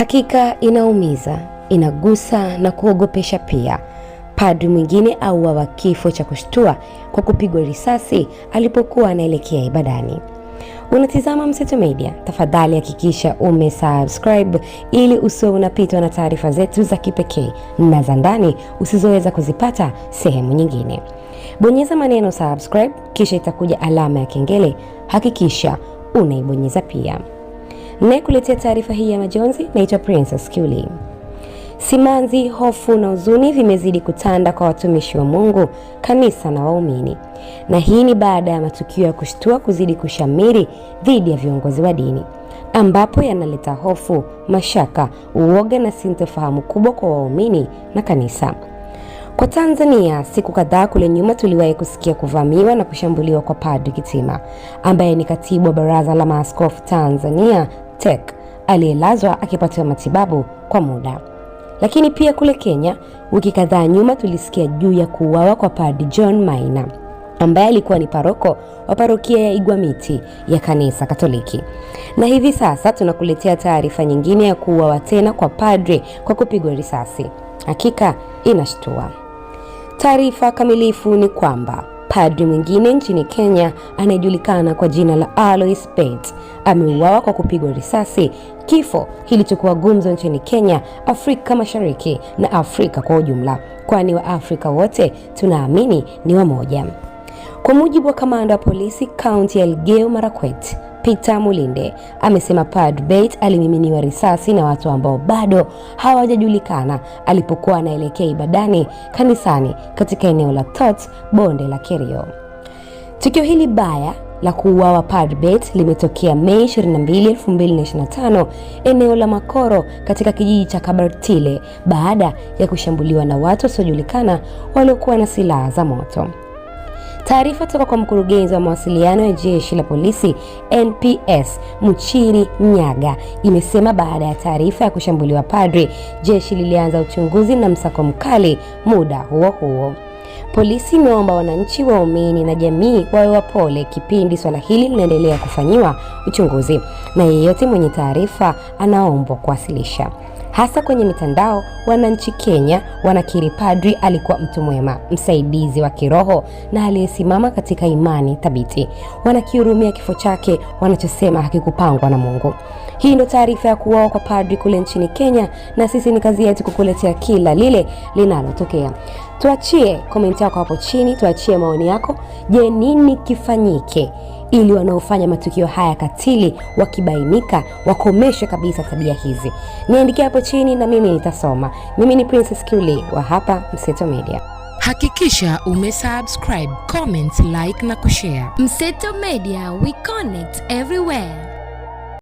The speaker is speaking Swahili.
Hakika inaumiza, inagusa na kuogopesha pia. Padri mwingine auawa kifo cha kushtua kwa kupigwa risasi alipokuwa anaelekea ibadani. Unatizama Mseto Media, tafadhali hakikisha umesubscribe ili usiwe unapitwa na taarifa zetu za kipekee na za ndani usizoweza kuzipata sehemu nyingine. Bonyeza maneno subscribe, kisha itakuja alama ya kengele. Hakikisha unaibonyeza pia nayekuletea taarifa hii ya majonzi naitwa Princess Kiuli. Simanzi, hofu na huzuni vimezidi kutanda kwa watumishi wa Mungu, kanisa na waumini, na hii ni baada ya matukio ya kushtua kuzidi kushamiri dhidi ya viongozi wa dini, ambapo yanaleta hofu, mashaka, uoga na sintofahamu kubwa kwa waumini na kanisa. Kwa Tanzania, siku kadhaa kule nyuma tuliwahi kusikia kuvamiwa na kushambuliwa kwa Padri Kitima ambaye ni katibu wa Baraza la Maaskofu Tanzania Tech aliyelazwa akipatiwa matibabu kwa muda. Lakini pia kule Kenya, wiki kadhaa nyuma tulisikia juu ya kuuawa kwa Padri John Maina ambaye alikuwa ni paroko wa parokia ya Igwamiti ya kanisa Katoliki. Na hivi sasa tunakuletea taarifa nyingine ya kuuawa tena kwa padre kwa kupigwa risasi. Hakika inashtua. Taarifa kamilifu ni kwamba Padri mwingine nchini Kenya anayejulikana kwa jina la Alois Paint ameuawa kwa kupigwa risasi, kifo kilichokuwa gumzo nchini Kenya, Afrika Mashariki na Afrika kwa ujumla, kwani Waafrika wote tunaamini ni wamoja. Kwa mujibu wa kamanda wa polisi kaunti ya Elgeyo Marakwet Peter Mulinde amesema Pad Beit alimiminiwa risasi na watu ambao bado hawajajulikana alipokuwa anaelekea ibadani kanisani katika eneo la Tot, bonde la Kerio. Tukio hili baya la kuuawa Pad Beit limetokea Mei 22, 2025 eneo la Makoro katika kijiji cha Kabartile baada ya kushambuliwa na watu wasiojulikana waliokuwa na silaha za moto. Taarifa toka kwa mkurugenzi wa mawasiliano ya jeshi la polisi NPS Muchiri Nyaga imesema baada ya taarifa ya kushambuliwa padri, jeshi lilianza uchunguzi na msako mkali. Muda huo huo polisi imeomba wananchi, waumini na jamii wawe wapole kipindi swala hili linaendelea kufanyiwa uchunguzi, na yeyote mwenye taarifa anaombwa kuwasilisha hasa kwenye mitandao. Wananchi Kenya wanakiri padri alikuwa mtu mwema, msaidizi wa kiroho na aliyesimama katika imani thabiti. Wanakihurumia kifo chake wanachosema hakikupangwa na Mungu. Hii ndo taarifa ya kuuawa kwa padri kule nchini Kenya, na sisi ni kazi yetu kukuletea kila lile linalotokea. Tuachie komenti yako hapo chini, tuachie maoni yako. Je, nini kifanyike? ili wanaofanya matukio haya katili wakibainika, wakomeshe kabisa tabia hizi. Niandikia hapo chini na mimi nitasoma. Mimi ni Princess kuli wa hapa Mseto Media. Hakikisha umesubscribe, comment, like na kushare. Mseto Media, we connect everywhere.